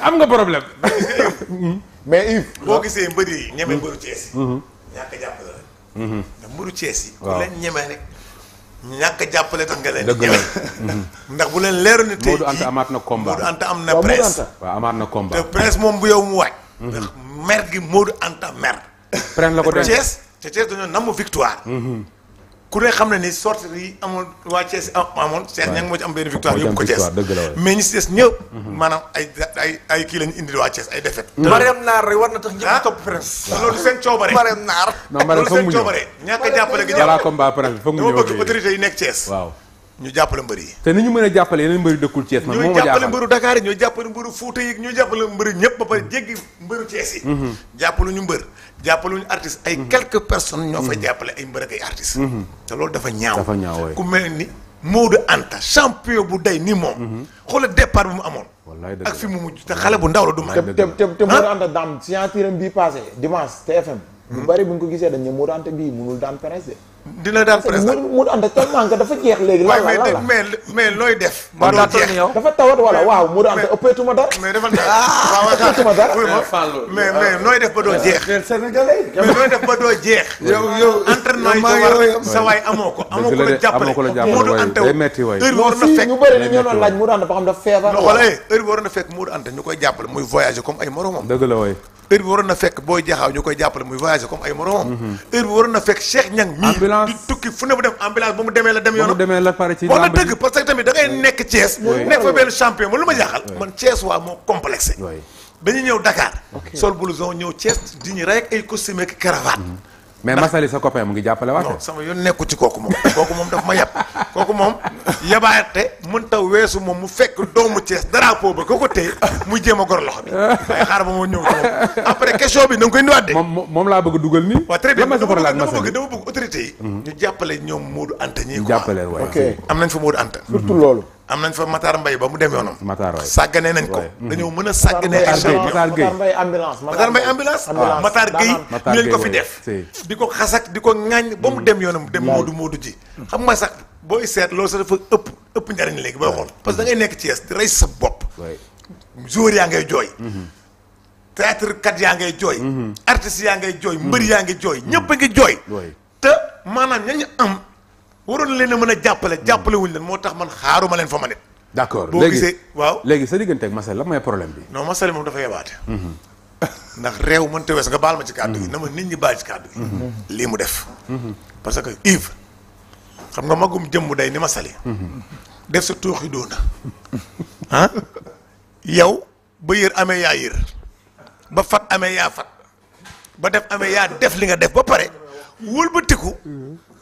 am nga problème. mais Yves. boo gisee mbër yi ñeme mbëru Cees yi. Mhm. ñàkk a jàppale la. ndax mhm. mbëru Cees yi. waaw leen ñeme rek. ñàkk jàppale tax nga leen. dëgg mhm. ndax bu leen leeroon ne. tey jii Modou Anta amaat na combat Modou am na presse. waaw amaat na combat te presse moom bu yow mu waaj. ndax mer gi Modou Anta mer. presse la ko denc te Cees te Cees dañoo namm victoire. ku ne xam na ni sorte yi amoon waa Thiès amoon Cheikh Niang moo am benn victoire yóbbu ko Thiès mais ñi si des ñëpp mhm. maanaam ay ay ay kii lañu indil waa Thiès ay défaite Mariam Naar rek war na tax ñëpp ah, topp prince loolu seen coobare Mariam Naar loolu seen coobare ñàkk a jàppale gi ñàkk dama bëgg autorité yi nekk Thiès waaw ñu jàppale mbër yi te ni ñu mën a jàppale yeneen mbëri dëkkul Thiès man ñooy jàppale mbëru Dakar yi ñooy jàppale mbëru Fuuta yi ñooy jàppale mbëri ñëpp ba yi mhm. jàppalu ñu mbër jàppalu ñu artiste ay mhm. mhm. jàppale ay mbër ak ay artiste te loolu dafa ñaaw dafa ku mel ni Modou Anta champion bu day ni moom xoola départ bi amoon wallaay dëgg ak fi mu mujj te xale bu ndaw la du ma te te te ah! Modou Anta daam bari bu ko gisee dañ ne Modou Anta bii mënul daan presse dina daan presque mu ànd tellement que dafa jeex léegi. lan la lan la mais mais looy def. moo jeex dafa tawat wala waaw mu ànd ëppeetuma dara. mais dafa ah, ëppeetuma dara. mais mais nooy def ba doo jeex. mais nooy def ba doo jeex. yow yow entraînement yi ko war sa waay amoo ko. amoo ko la jàppale moo du ante heure war na fekk ñu bëri ñu doon laaj mu ànd ba xam dafa feebar. heure war na fekk mu ànd ñu koy jàppale muy voyager comme ay moromam. dëgg la waay heure bi waroon na fekk booy jaxaaw ñu koy jàppale muy voyager comme ay moromam. Mhm. heure bi waroon na fekk Cheikh Niang. ambulance mii di tukki fu ne bu dem ambulance ba mu demee la dem yoonam. ba mu demee la pare ci làmb nekk Thiès. nekk fa benn champion ma lu ma jaaxal. man Thiès waa moo complexé. dañuy ñëw Dakar. sol blouson ñëw Thiès di ñu rey ay costume ak cravate. Mhm. mais Massaly sa copain mu ngi jàppale waat. non sama yoon nekku ci kooku moom kooku moom daf ma yab kooku moom yabaate mën ta weesu moom mu fekk doomu Thiès drapeau ba ko ko téye muy jéem a gor loxo bi waaye xaar ba moo ñëw ci moom après bi na koy indiwaat de. moom moom laa bëgg dugal nii. waaw très bien dama bëgg dama bëgg autorité yi. Mhm. ñu jàppale ñoom Modou Anta ñii. ñu am nañ fa Modou Anta. surtout loolu. am nañ fa Matar mbay ba mu dem yoonam. Matar waay sàggane nañ ko. Mhm. dañoo mën a sàggane ay champion. Matar Mbaye ambulance Matar Mbaye ambulance. Ah, Matar Gueye ñu leen ko fi def. di ko xasak di ko ŋaññ ba mu mm. dem yoonam dem moo moodu ji. xam ma sax booy seet loolu sax dafa ëpp ëpp njariñ léegi booy xool. parce que da nekk ci Thiès di rey sa bopp. joueur yaa ngay jooy. Mhm. théâtre kat yaa ngay jooy. Mhm. artistes yaa ngay jooy. mbër yaa ngi jooy. ñëpp ngi jooy. te maanaam ñañu am. waroon leen mën a jàppale hmm. jàppale leen moo tax man xaaruma leen fa ma nit d'accord boo gisee waaw léegi sa diggante ak Masal la mooy problème bi non Masal moom dafa yebaate hmm. ndax réew mënta wes nga baal ma ci kàddu gi hmm. na ma nit ñi baal ci kàddu gi lii mu def parce que Yves xam nga magum jëmm day ni ma sali def sa tooxi doona ah? ba yër amee yaa yër ba fat amee yaa fat ba def amee yaa def li nga def ba pare wëlbatiku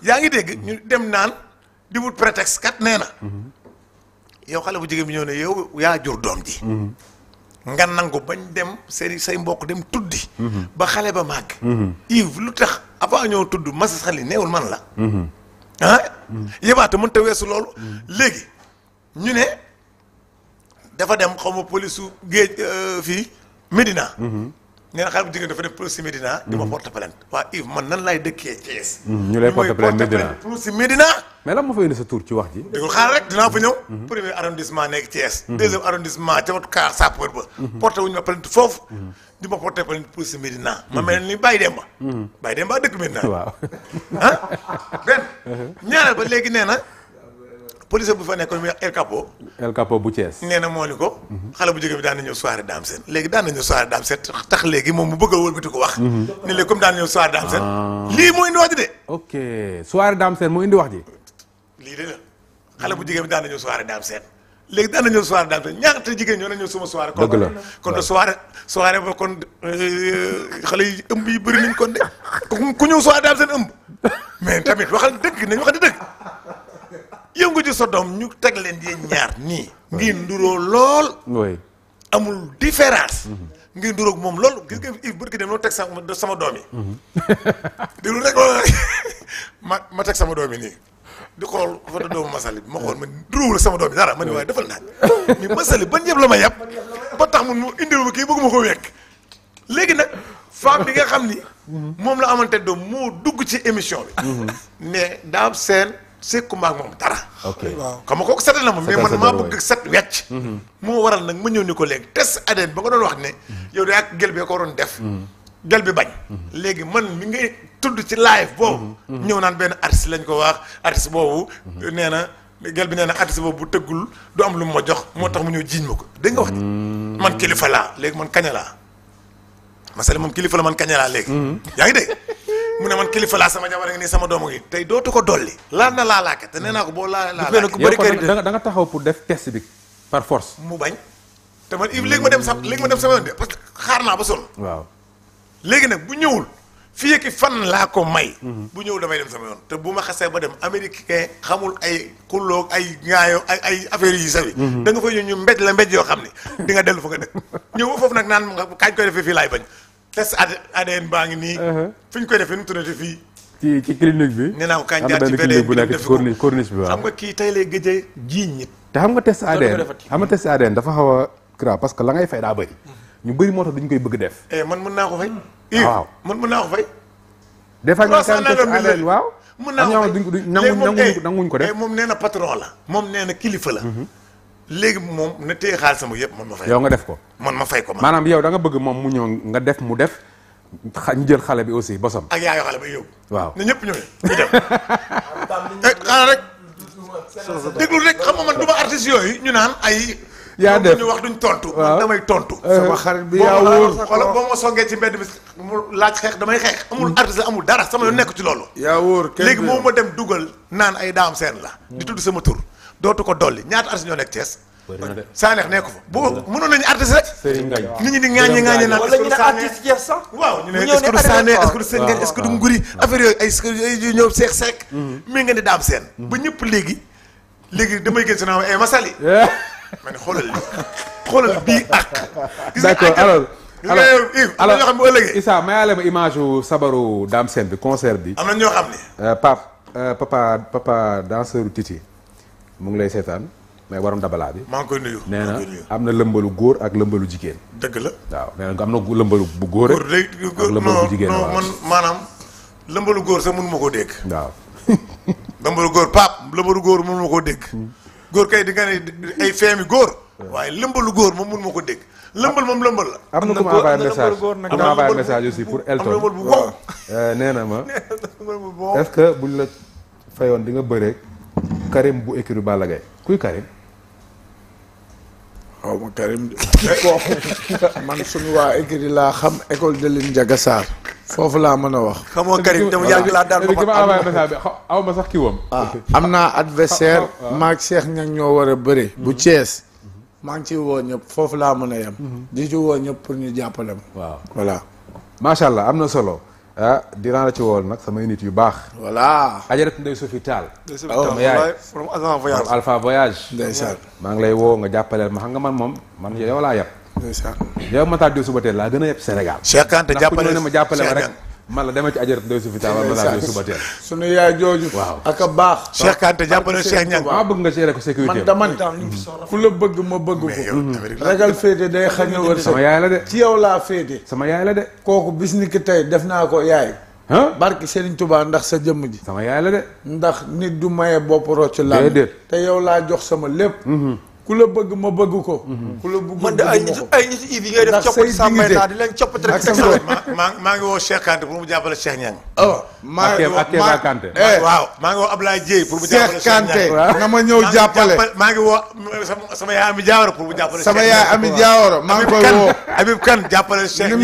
yaa ngi dégg ñu dem naan di wut prétexte kat nee na. yow xale bu jigéen bi ñëw ne yow yaa jur doom ji. Mm-hmm. nga nangu bañ dem seen say mbokk dem tuddi. Mm-hmm. ba xale ba màgg. Mm-hmm. Yves lu tax avant ñoo tudd Massi Xali neewul man la. ah yëbaate mënut weesu loolu. léegi ñu ne dafa dem xaw ma polisu géej euh, fii Medina. nee na xaar bu jigéen dafa def police Médina. di mhm. porte plainte waa Yves man nan laay dëkkee Thiès. Mhm, ñu lay porte plainte Médina police Médina. mais lan ma fa indi sa tur ci wax ji. déglu xaar rek dinaa fa ñëw. Mhm. premier arrondissement nekk Thiès. deuxième arrondissement ca wàllu Kaar Sapeur ba. porte wuñu ma plainte foofu. di ma porte plainte police Médina. ma mel ni Baye Demba. Baye Demba dëkk Médina. waaw ah benn ñaareel ba léegi nee na. police bu fa nekkoon muy El Capo. El Capo bu Thiès. nee moo ni ko. xale bu jóge bi daan na ñëw soirée Dame Sène léegi daan na ñëw soirée Dame Sène léegi moom mu bëgg a wëlbati ko wax. Mhm. ni léegi comme daan na ñëw soirée Dame Sène. Ah. wax ji lii de xale bu jigéen bi daan na ñëw soirée Dame Sène léegi daan na ñëw soirée Dame Sène ñaata jigéen ñoo na ñëw suma soirée. dëgg la kon kon soirée soirée ba kon euh, xale yi ëmb yi bëri nañ kon de ku ñëw soirée Dame Sène ëmb mais tamit waxal dëgg nañ wax di dëgg sa doom ñu teg leen yéen ñaar nii ngeen nduroo lool amul différence ngeen nduroo moom lool gis ngeen Yves bërki dem loo teg sama doom yi mhm. di ma ma teg sama doom yi nii di xool fa da doomu masali bi ma xool ma duróowul sama doom bi dara ma ne waaye defal naa mais masali ba yëpp la ma yàpp ba tax mun mu indil ma kii bëgguma ko wekk léegi nag femme bi nga xam ni mhm. moom la amante doom moo dugg ci émission bi mhm. ne daam seen sékkuma ak moom dara. ok waaw xam nga kooku set na ma mais man maa bëgg set wecc. Mhm. moo waral nag ma ñëw ni ko léegi test ADN ba nga doon wax ne. Mhm. yow de ak gel bee ko waroon def. Mhm. gel bi bañ. léegi man mi ngay tudd ci live boobu. ñëw naan benn artiste lañ ko wax artiste boobu. nee na gel bi nee na artiste boobu bu tëggul du am lu mu ma jox moo tax mu ñëw jiiñ ma ko dégg nga wax ji. man kilifa laa léegi man kaña laa. masale moom kilifa la man kaña laa léegi. yaa ngi dégg. mu ne man kilifa laa sama jabar ngi ni sama doomu ngi tey dootu ko dolli laal na laa laake te nee naa ko boo laa laa ku bëri da nga taxaw pour def test bi par force mu bañ te man léegi ma dem sa léegi ma dem sama yoon de parce que xaar naa ba sonn waaw léegi nag bu ñëwul fii ak fan laa ko may mhm. bu ñëwul damay dem sama yoon te bu ma xasee ba dem américain xamul ay xulloog ay ŋaayoo ay ay affaire yi sawi mhm. da nga fa ñu ñu mbéj la mbéj yoo xam ne di nga dellu fa nga dëkk ñëw foofu nag naan nga kaaj koy defee fii laay bañ test ADN baa ngi nii. fi ñu koy defee nu mu tuddati fii. ci ci clinique bi. nee ko kañ jaar ci beneen bi def ko corniche bi waaw nga kii tey a grave que la ngay fay daa eh, ko fay. Ah, waaw man mën naa ko fay. des fois ñu ngi test ADN waaw. mën naa ko fay léegi moom nanguñ ko def eh, patron la moom nee kilifa la. Mhm. léegi mom na téye xaalis sama yëpp man ma fay yow nga def ko man ma fay ko man yow da nga bëgg moom mu ñëw nga def mu def ñu jël xale bi aussi bosam ak yaayu xale bi yóbbu waaw ne ñëpp ñëwee ñu dem eh, xaaral rek déglu rek xam nga man du ma artiste yooyu ñu naan ay yaa def ñu wax duñ tontu man damay tontu eh. sama xarit bi ya woor xoola bo mo songé ci mbéd bi mu laaj xex damay xex amul mm. artiste amul dara sama yoon nekk ci loolu ya woor légui moo ma dem duggal naan ay daam seen la di tuddu sama tour dootu ko dolli ñaata artiste ñoo nekk Thiès. Sanekh nekk fa bu mënoon nañu artiste rek. Serigne nit ñi di ŋaañee ŋaañee naan wala ñu ne artiste Thiès sax. waaw ñu ne est-ce que nga mm-hmm. ni daam seen. Mm-hmm. ba ñëpp léegi léegi damay gën si naan ma ne xoolal lii xoolal bii ak. d'accord ñoo xam ne bu ëllëgee. Issa mayaale image yu sabaru daam seen bi concert bi. am na ñoo xam ne. Euh, Pape euh, papa papa danseur Titi. mu ngi lay seetaan mais waroon dabalaa bi. maa ngi koy nuyu nee na am na lëmbalu góor ak lëmbalu jigéen. dëgg la na am lëmbalu bu góor. góor day jigéen maanaam lëmbalu góor sax mënu ma koo dégg. góor paap lëmbalu góor mënu ma koo hmm. di nga ne góor. Hmm. waaye lëmbalu góor moom mënu ma ko dégg. lëmbal moom lëmbal la. am na ku message am na message aussi pour Elton eh, nee na ma ce que buñ la fayoon di nga bëreek Karim bu écurie Balla Gaye kuy Karim. xaw ma Karim eh, man suñu waa écurie laa xam école de Leen foofu laa mën a wax. xamoo Karim dama yàgg laa daan aw ma sax kii ah, am naa adversaire ah, ah. maag Cheikh ñag ñoo war a bu mhm. Thiès. maa ngi ciy woo ñëpp foofu laa mën a yem. Mhm. di ci woo ñëpp pour ñu jàppale ma. waaw voilà. allah am na solo. ah dinaa la ci wool nag samay nit yu baax. voilà. ajaratu Ndeye Sophie Tall. Ndeye Sophie oh, Tall yaay from Alpha Voyage. from Alpha Voyage. maa ngi lay woo nga jàppaleel ma xam nga man moom man yow laa yab. ndeysaan yow Matar Diop suba teel laa gën a yab Sénégal. Cheikh Kanté jàppale ndax ku ñu ma jàppale ma rek. man la dama ci ajar doy su fi taawal balaa suba teel. sunu yaay jooju. waaw a baax. Cheikh Kanté jàppale Cheikh Niang. waaw bëgg nga seere ko sécurité man dama ne. ku la bëgg ma bëgg ko. ragal féete day xañ a wërsëg. sama yaay la de. ci yow laa féete. sama yaay la de. kooku bis ni tey def naa ko yaay. barki seen Touba ndax sa jëmm ji. sama yaay la de. ndax nit du maye bopp rocc lan. déedéet te yow laa jox sama lépp. Mhm. ku la bëgg ma bëgg ko. Mhm. ku la bëgg man de ay nit ay nit yi ngay def coppite sàmmay naa di leen coppite rek. maa maa ngi woo Cheikh Kanté pour mu jàppale Cheikh Niang. oh eh. maa ngi woo ak Kéba Kanté. sama yaay Ami Diawara pour mu woo. Habib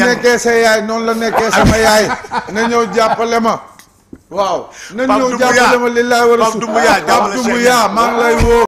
nekkee sa yaay noonu la nekkee sama yaay na ñëw jàppale ma. waaw na ñëw jàppale ma li laa war a. Pape Doumbouya Pape lay woo.